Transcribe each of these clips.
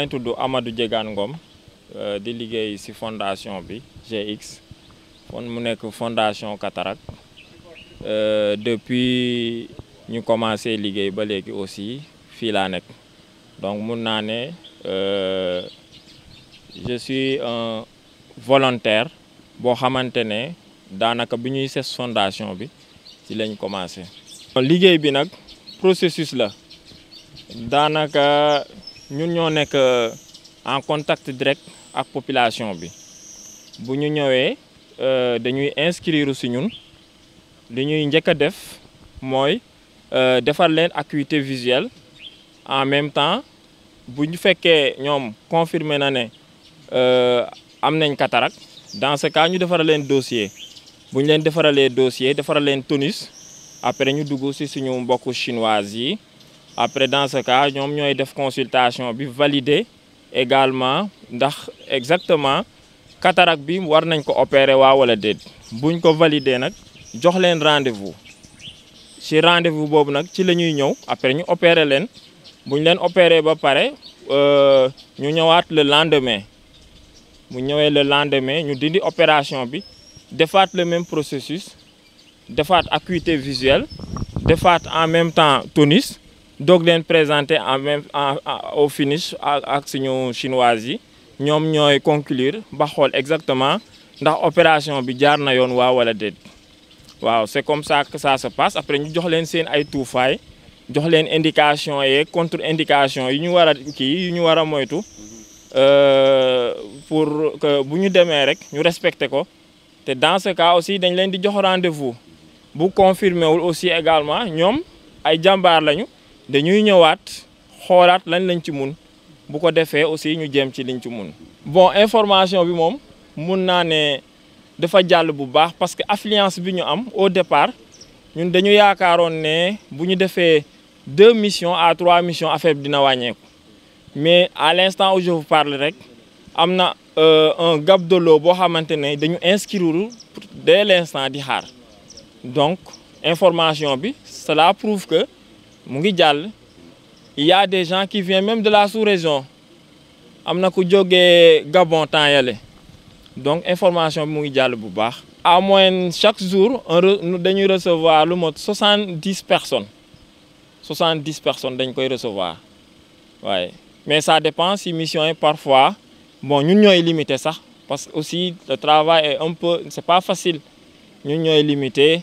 maa ngi Amadou Diegane Ngom euh, di liggéey ci fondation bi GX fon mu fondation Cataract euh, depuis ñu commencé liggéey ba léegi aussi fii donc mon année, euh, je suis un volontaire boo xamante ne daanaka cette Fondation ses fondation bi ci lañ commencé. liggéey bi nag processus la nous euh, sommes en contact direct avec la population Nous nous ñu euh, dañuy inscrire si nous. li ñuy njëkk a def euh, acuité visuelle en même temps nous avons confirmé qu'il confirmer na une euh, am cataracte dans ce cas nous ñu fait un dossier Nous avons fait un dossier nous un tonus après nous dugg aussi suñu mbokku chinois après dans ce cas nous fait def consultation bi valider également ndax exactement cataracte bi war nañ ko opérer le wala nous buñ ko validé, nag jox un rendez-vous ci rendez-vous nous nag ci ñëw après ñu opérer leen buñ leen opérer ba pare euh, ñu le lendemain bu ñëwee le lendemain nous dindi opération bi defaat le même processus defaat acuité visuelle defaat en même temps tonus donc leen présenter en même au finish ak ak Chinois. chinoise yi ñoom conclure ba exactement ndax opération bi jaar na yoon wala waaw c'est comme ça que ça se passe après ñu jox leen seen ay tuufaay jox leen indication contre indication yi ñu war a kii yi ñu war a moytu euh, pour que bu nous demee rek ñu respecter ko dans ce cas aussi dañ leen di jox rendez-vous bu confirmez aussi également ñoom ay jàmbaar lañu dañuy ñëwaat xoolaat lañ lañ aussi ñu ci liñ bon information bi parce que l'affluence bi ñu au départ ñun dañu fait deux missions à trois missions à faire dina mais à l'instant où je vous parle rek amna euh, un gap de l'eau nous dès l'instant donc information cela prouve que il y a des gens qui viennent même de la sous-région. Amna ku joggé Gabon Donc information bi chaque jour nous recevons recevoir personnes 70 personnes recevoir mais ça dépend si mission est parfois bon nous, sommes limité ça. parce que aussi le travail est un peu c'est pas facile nous, sommes limité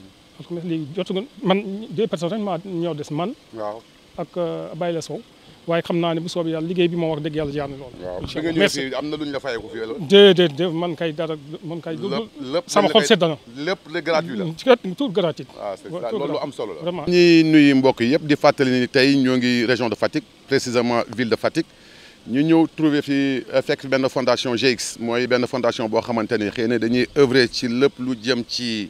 parce que léegi jotuñu man deux personnes rek maa ñoo des man. waaw ak euh, Baye la Sow. waaye xam naa bu soob yalla liggéey bi mo wax dëgg yalla jaar lool. waaw merci am na lu ñu la fayeku fi la. de de man kay dara man kay. lépp sama xol sedd na. lépp la gratuit la. tout gratuit. ah c'est ça lolu am solo la vraiment. ñi nuyu mbokk yëpp di fàttali ni tay ñoo ngi région de Fatick précisément ville de Fatick ñu ñëw trouver fi euh, fekk ben fondation GX moy ben fondation bo xamanteni ni dañuy œuvrer ci lepp lu jëm ci.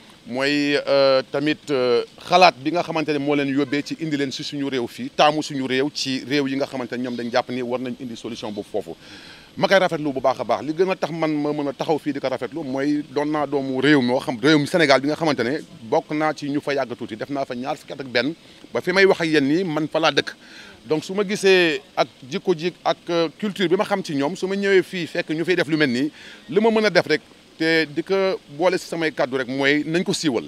mooy euh, tamit euh, xalaat bi nga xamante ne moo leen yóbbee ci indi leen si suñu réew fii taamu suñu réew ci réew yi nga xamante ne ñoom dañ jàpp nii war nañ indi solution boobu foofu ma koy rafetlu bu baax a baax li gën a tax man ma mën a taxaw fii di ko rafetlu mooy doon naa doomu réew moo xam réew mi Sénégal bi nga xamante ne bokk naa ci ñu fa yàgg tuuti def naa fa ñaar fukki at ak benn ba fi may wax ak yéen nii man fa laa dëkk donc su ma gisee ak jikko ji ak euh, culture bi ma xam ci ñoom su ma ñëwee fii fekk ñu fiy def lu mel nii li ma mën a def rek te di ko boole si samay kàddu rek mooy nañ ko siiwal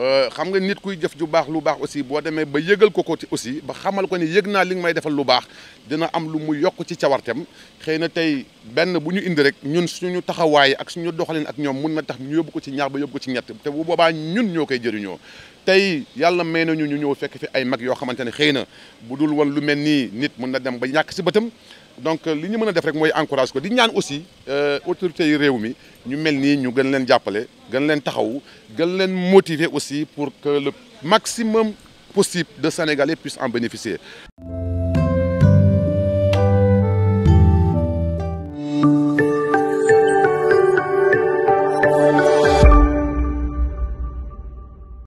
euh, xam nga nit kuy jëf ju baax lu baax aussi boo demee ba yëgal ko ko ci aussi ba xamal ko ne yëg naa li nga may defal lu baax dina am lu mu yokk ci cawartem xëy na tey benn bu ñu indi rek ñun suñu taxawaay ak suñu doxalin ak ñoom mun na tax ñu yóbbu ko ci ñaar ba yóbbu ko ci ñett te bu boobaa ñun ñoo koy jëriñoo tey yàlla may nañu ñu ñëw fekk fi ay mag yoo xamante ne xëy na bu dul woon lu mel nii nit mun na dem ba ñàkk si bëtam donc ce euh, ñu mën def rek moy encourage di ñaan aussi euh, autorités yi réew mi ñu nous nous ñu gën leen jappalé gën motiver aussi pour que le maximum possible de Sénégalais puissent en bénéficier